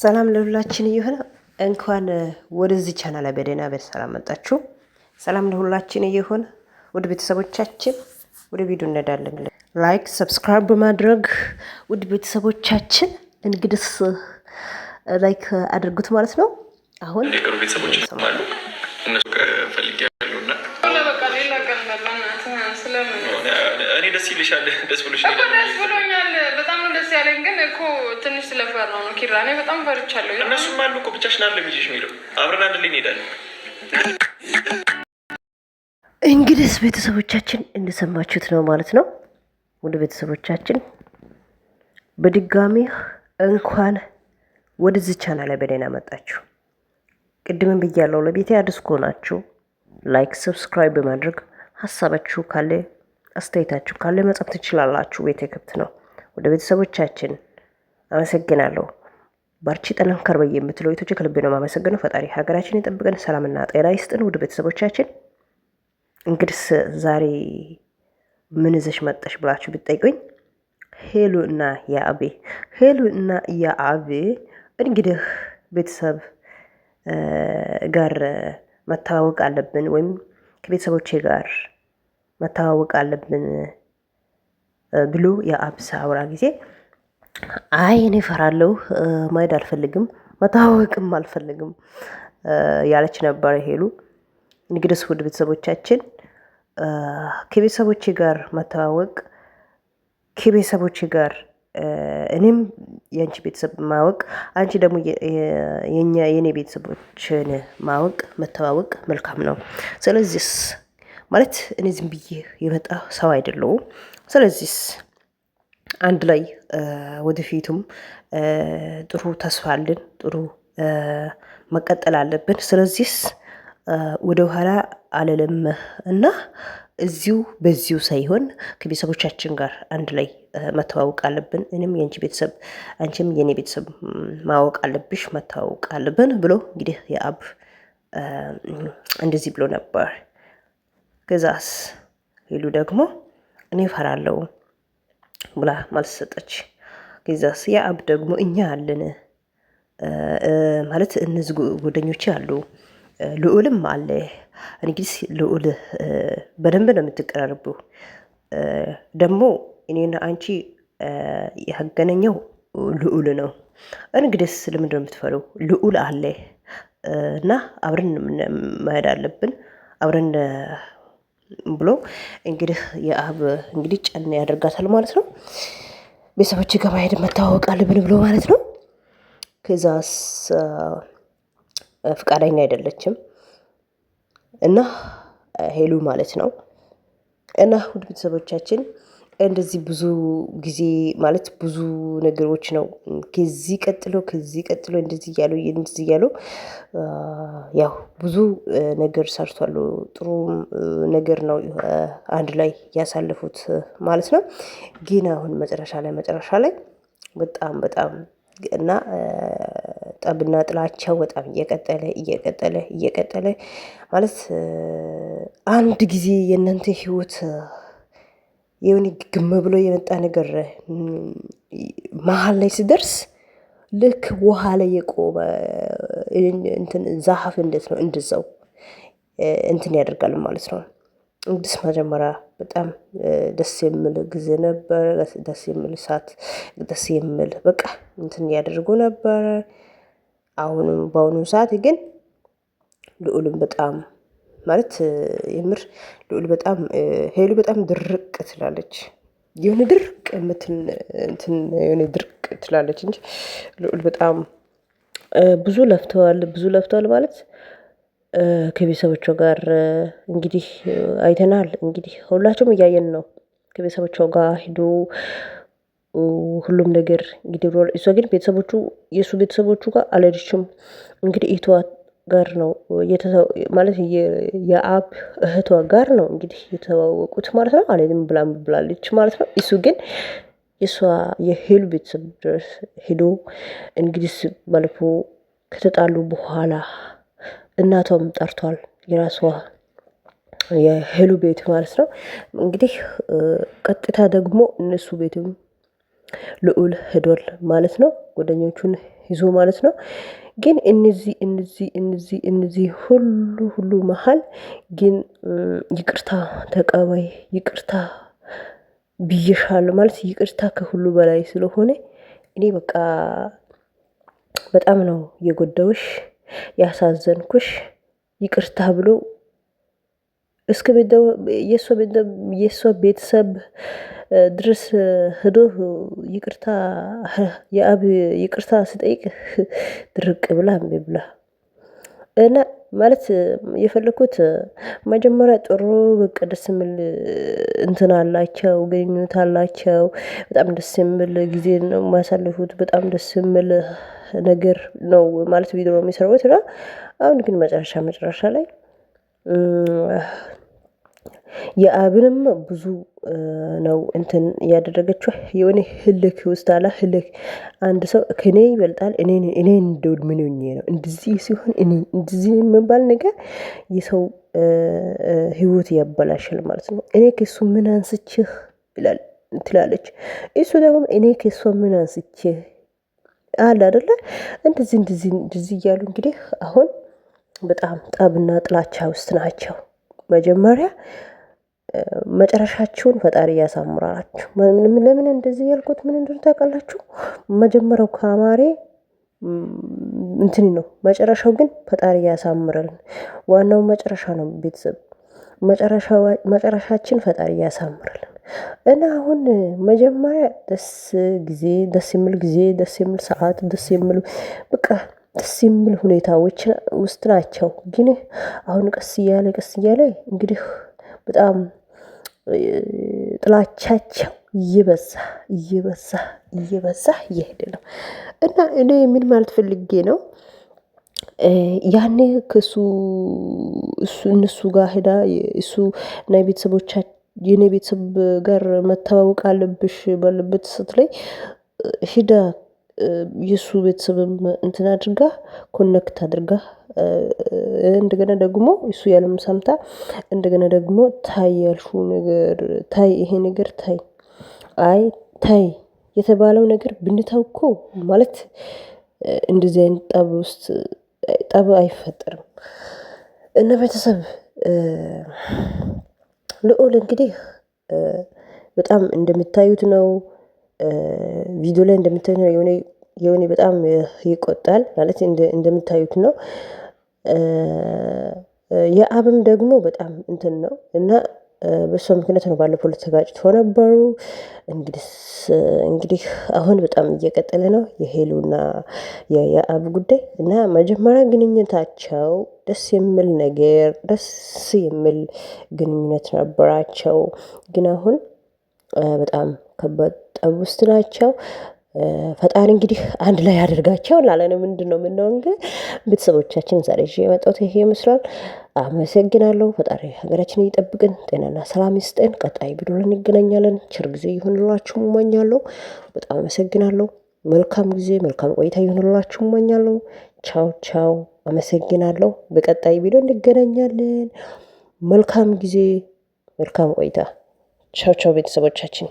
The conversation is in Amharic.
ሰላም ለሁላችን እየሆነ እንኳን ወደዚህ ቻናል በደህና በሰላም መጣችሁ። ሰላም ለሁላችን እየሆነ ወደ ቤተሰቦቻችን ወደ ቪዲዮ እንሄዳለን። ላይክ ሰብስክራይብ በማድረግ ውድ ቤተሰቦቻችን እንግዲህ ላይክ አድርጉት ማለት ነው። አሁን ቤተሰቦች ይሰማሉ እነሱ ፈልጊያ እኔ ደስ ይልሻል። ደስ ብሎሻል። ደስ ብሎኛል። በጣም ነው ደስ ያለኝ። ግን እኮ ትንሽ ስለፈራሁ ነው ኪራ። እኔ በጣም ፈርቻለሁ። እነሱም አሉ እኮ ብቻሽን አለ ሚሽ የሚለው አብረን አንድ ላይ እንሄዳለን። እንግዲህ ቤተሰቦቻችን እንደሰማችሁት ነው ማለት ነው። ወደ ቤተሰቦቻችን በድጋሚ እንኳን ወደዚህ ቻናል በደህና መጣችሁ። ቅድምን ብያለው ለቤቴ አዲስ ከሆናችሁ ላይክ፣ ሰብስክራይብ በማድረግ ሀሳባችሁ ካለ አስተያየታችሁ ካለ መጻፍ ትችላላችሁ። ቤተ ከብት ነው። ወደ ቤተሰቦቻችን አመሰግናለሁ። ባርቺ ጠንከር በይ የምትለው የቶች ከልቤ ነው የማመሰግነው። ፈጣሪ ሀገራችን የጠብቀን፣ ሰላምና ጤና ይስጥን። ውድ ቤተሰቦቻችን እንግዲህ ዛሬ ምን ይዘሽ መጣሽ ብላችሁ ብጠይቁኝ ሄሉ እና የአቤ ሄሉ እና የአቤ እንግዲህ ቤተሰብ ጋር መተዋወቅ አለብን ወይም ከቤተሰቦቼ ጋር መተዋወቅ አለብን ብሎ የአብስ አውራ ጊዜ አይ እኔ እፈራለሁ፣ መሄድ አልፈልግም፣ መተዋወቅም አልፈልግም ያለች ነበር ሄሉ። እንግዲህ ውድ ቤተሰቦቻችን ከቤተሰቦቼ ጋር መተዋወቅ ከቤተሰቦቼ ጋር እኔም የአንቺ ቤተሰብ ማወቅ አንቺ ደግሞ የእኔ ቤተሰቦችን ማወቅ መተዋወቅ መልካም ነው። ስለዚህ ማለት እኔ ዝም ብዬ የመጣ ሰው አይደለሁም። ስለዚህ አንድ ላይ ወደፊቱም ጥሩ ተስፋ አለን፣ ጥሩ መቀጠል አለብን። ስለዚህ ወደ ኋላ አለለም እና እዚሁ በዚሁ ሳይሆን ከቤተሰቦቻችን ጋር አንድ ላይ መተዋወቅ አለብን። እኔም የአንቺ ቤተሰብ አንቺም የእኔ ቤተሰብ ማወቅ አለብሽ፣ መተዋወቅ አለብን ብሎ እንግዲህ የአብ እንደዚህ ብሎ ነበር። ግዛስ ሊሉ ደግሞ እኔ ፈራለው ብላ መልስ ሰጠች። ግዛስ የአብ ደግሞ እኛ አለን ማለት እነዚህ ጓደኞች አሉ ልዑልም አለ። እንግዲህ ልዑል በደንብ ነው የምትቀራርቡ። ደግሞ እኔና አንቺ ያገናኘው ልዑል ነው። እንግዲህ ስለምንድን ነው የምትፈሩው ልዑል አለ እና አብረን መሄድ አለብን አብረን ብሎ እንግዲህ የአብ እንግዲህ ጨና ያደርጋታል ማለት ነው። ቤተሰቦች ጋር መሄድ መታዋወቅ አለብን ብሎ ማለት ነው። ከዛስ ፍቃደኛ አይደለችም እና ሄሉ ማለት ነው እና ውድ ቤተሰቦቻችን እንደዚህ ብዙ ጊዜ ማለት ብዙ ነገሮች ነው። ከዚህ ቀጥሎ ከዚህ ቀጥሎ እንደዚህ እያሉ እንደዚህ እያሉ ያው ብዙ ነገር ሰርቷሉ ጥሩ ነገር ነው። አንድ ላይ ያሳለፉት ማለት ነው። ግን አሁን መጨረሻ ላይ መጨረሻ ላይ በጣም በጣም እና ጠብና ጥላቻው በጣም እየቀጠለ እየቀጠለ እየቀጠለ ማለት አንድ ጊዜ የእናንተ ህይወት የሆነ ግም ብሎ የመጣ ነገር መሀል ላይ ስደርስ ልክ ውሃ ላይ የቆመ ዛሀፍ እንዴት ነው እንድዘው እንትን ያደርጋል ማለት ነው። እንግዲህ መጀመሪያ በጣም ደስ የሚል ጊዜ ነበረ። ደስ የሚል ሰዓት፣ ደስ የሚል በቃ እንትን ያደርጉ ነበረ። አሁንም በአሁኑ ሰዓት ግን ልዑልም በጣም ማለት የምር ልዑል በጣም ሄሉ በጣም ድርቅ ትላለች። የሆነ ድርቅ የምትን የሆነ ድርቅ ትላለች እንጂ ልዑል በጣም ብዙ ለፍተዋል። ብዙ ለፍተዋል ማለት ከቤተሰቦቿ ጋር እንግዲህ አይተናል። እንግዲህ ሁላችሁም እያየን ነው። ከቤተሰቦቿ ጋር ሂዶ ሁሉም ነገር እንግዲህ ብሏል። እሷ ግን ቤተሰቦቹ የእሱ ቤተሰቦቹ ጋር አልሄደችም። እንግዲህ ይተዋት ጋር ነው ማለት የአብ እህቷ ጋር ነው እንግዲህ የተዋወቁት ማለት ነው። አሌልም ብላም ብላለች ማለት ነው። እሱ ግን የእሷ የሄሉ ቤተሰብ ድረስ ሄዶ እንግዲህ ማለፎ ከተጣሉ በኋላ እናቷም ጠርቷል። የራሷ የሄሉ ቤት ማለት ነው እንግዲህ ቀጥታ ደግሞ እነሱ ቤትም ልዑል ሄዷል ማለት ነው ጓደኞቹን ይዞ ማለት ነው። ግን እነዚህ እነዚህ እነዚህ እነዚህ ሁሉ ሁሉ መሀል ግን ይቅርታ ተቀባይ ይቅርታ ብዬሻለሁ ማለት ይቅርታ ከሁሉ በላይ ስለሆነ እኔ በቃ በጣም ነው የጎዳውሽ ያሳዘንኩሽ ይቅርታ ብሎ እስከ የእሷ ቤተሰብ ድረስ ህዶ ይቅርታ የአብ ይቅርታ ስጠይቅ ድርቅ ብላ እምቢ ብላ እና ማለት የፈለኩት መጀመሪያ ጥሩ በቃ ደስ የሚል እንትን አላቸው፣ ግንኙነት አላቸው። በጣም ደስ የሚል ጊዜ ነው የሚያሳልፉት። በጣም ደስ የሚል ነገር ነው ማለት ቪዲዮ ነው የሚሰሩት። እና አሁን ግን መጨረሻ መጨረሻ ላይ የአብንም ብዙ ነው እንትን እያደረገችው የሆነ ህልክ ውስጥ አላ ህልክ አንድ ሰው ከኔ ይበልጣል እኔ እንደውድ ምን ሆኜ ነው እንደዚህ ሲሆን እኔ እንደዚህ የምባል ነገር የሰው ህይወት ያበላሻል ማለት ነው። እኔ ከሱ ምን አንስችህ ይላል ትላለች። እሱ ደግሞ እኔ ከሷ ምን አንስችህ አለ አደለ እንደዚህ እንደዚህ እንደዚህ እያሉ እንግዲህ አሁን በጣም ጠብና ጥላቻ ውስጥ ናቸው። መጀመሪያ መጨረሻችሁን ፈጣሪ ያሳምራችሁ። ለምን እንደዚህ ያልኩት ምን እንደሆነ ታውቃላችሁ? መጀመሪያው ከአማሬ እንትን ነው፣ መጨረሻው ግን ፈጣሪ ያሳምራል። ዋናው መጨረሻ ነው ቤተሰብ መጨረሻችን ፈጣሪ ያሳምራል። እና አሁን መጀመሪያ ደስ ጊዜ ደስ የሚል ጊዜ ደስ የሚል ሰዓት ደስ የሚል በቃ ደስ የሚል ሁኔታዎች ውስጥ ናቸው። ግን አሁን ቀስ እያለ ቀስ እያለ እንግዲህ በጣም ጥላቻቸው እየበዛ እየበዛ እየበዛ እየሄደ ነው እና እኔ ምን ማለት ፈልጌ ነው ያኔ ከሱ እሱ እነሱ ጋር ሄዳ እሱ እና ቤተሰቦቻ የኔ ቤተሰብ ጋር መተዋወቅ አለብሽ ባለበት ሰት ላይ ሂዳ የእሱ ቤተሰብም እንትን አድርጋ ኮነክት አድርጋ እንደገና ደግሞ እሱ ያለም ሰምታ እንደገና ደግሞ ታይ ያልሹ ነገር ታይ፣ ይሄ ነገር ታይ፣ አይ ታይ የተባለው ነገር ብንተው እኮ ማለት እንደዚህ አይነት ጠብ ውስጥ ጠብ አይፈጠርም። እና ቤተሰብ ልዑል እንግዲህ በጣም እንደምታዩት ነው፣ ቪዲዮ ላይ እንደምታዩት ነው። የሆነ በጣም ይቆጣል ማለት እንደምታዩት ነው። የአብም ደግሞ በጣም እንትን ነው እና በሷ ምክንያት ነው ባለፈው ተጋጭተው ነበሩ። እንግዲህ አሁን በጣም እየቀጠለ ነው የሄሉና የአብ ጉዳይ እና መጀመሪያ ግንኙነታቸው ደስ የሚል ነገር ደስ የሚል ግንኙነት ነበራቸው። ግን አሁን በጣም ከባድ ጠብ ውስጥ ናቸው ፈጣሪ እንግዲህ አንድ ላይ አድርጋቸው ላለን ምንድን ነው የምንለው? እንግዲህ ቤተሰቦቻችን ዛሬ ይዤ የመጣሁት ይሄ ይመስላል። አመሰግናለሁ። ፈጣሪ ሀገራችን ይጠብቅን፣ ጤናና ሰላም ይስጠን። ቀጣይ ቪዲዮ እንገናኛለን። ቸር ጊዜ ይሁንላችሁ እመኛለሁ። በጣም አመሰግናለሁ። መልካም ጊዜ፣ መልካም ቆይታ ይሁንላችሁ እመኛለሁ። ቻው ቻው። አመሰግናለሁ። በቀጣይ ቪዲዮ እንገናኛለን። መልካም ጊዜ፣ መልካም ቆይታ። ቻው ቻው ቤተሰቦቻችን